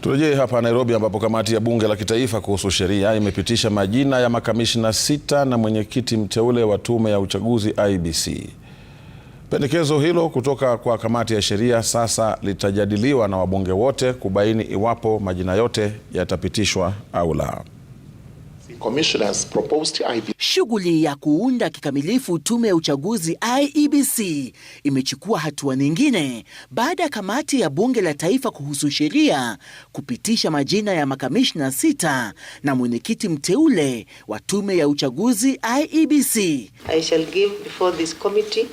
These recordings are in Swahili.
Turejee hapa Nairobi ambapo kamati ya bunge la kitaifa kuhusu sheria imepitisha majina ya makamishna sita na mwenyekiti mteule wa tume ya uchaguzi IEBC. Pendekezo hilo kutoka kwa kamati ya sheria sasa litajadiliwa na wabunge wote kubaini iwapo majina yote yatapitishwa au la. Shughuli ya kuunda kikamilifu tume ya uchaguzi IEBC imechukua hatua nyingine baada ya kamati ya bunge la taifa kuhusu sheria kupitisha majina ya makamishna sita na mwenyekiti mteule wa tume ya uchaguzi IEBC. I shall give before this committee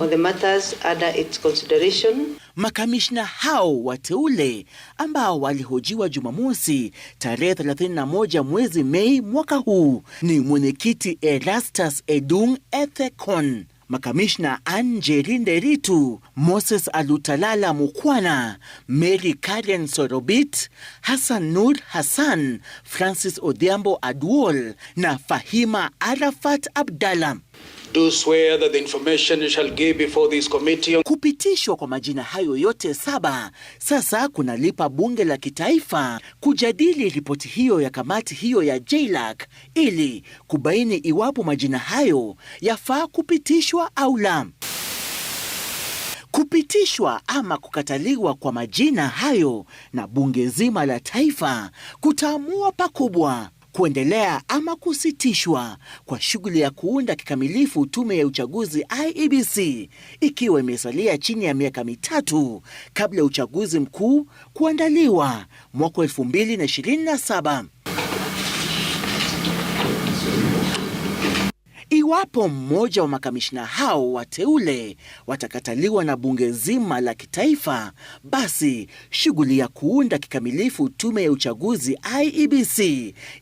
on the matters under its consideration. Makamishna hao wateule ambao walihojiwa Jumamosi tarehe 31 mwezi Mei mwaka huu ni mwenyekiti Erastus Edung Ethekon, makamishna Anjeri Nderitu, Moses Alutalala Mukwana, Mary Karen Sorobit, Hassan Nur Hassan, Francis Odhiambo Aduol na Fahima Arafat Abdalla do swear that the information you shall give before this committee. Kupitishwa kwa majina hayo yote saba sasa kunalipa bunge la kitaifa kujadili ripoti hiyo ya kamati hiyo ya JLAC ili kubaini iwapo majina hayo yafaa kupitishwa au la. Kupitishwa ama kukataliwa kwa majina hayo na bunge zima la taifa kutaamua pakubwa kuendelea ama kusitishwa kwa shughuli ya kuunda kikamilifu tume ya uchaguzi IEBC ikiwa imesalia chini ya miaka mitatu kabla ya uchaguzi mkuu kuandaliwa mwaka 2027. Iwapo mmoja wa makamishna hao wateule watakataliwa na bunge zima la kitaifa, basi shughuli ya kuunda kikamilifu tume ya uchaguzi IEBC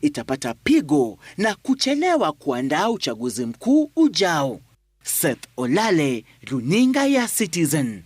itapata pigo na kuchelewa kuandaa uchaguzi mkuu ujao. Seth Olale, Runinga ya Citizen.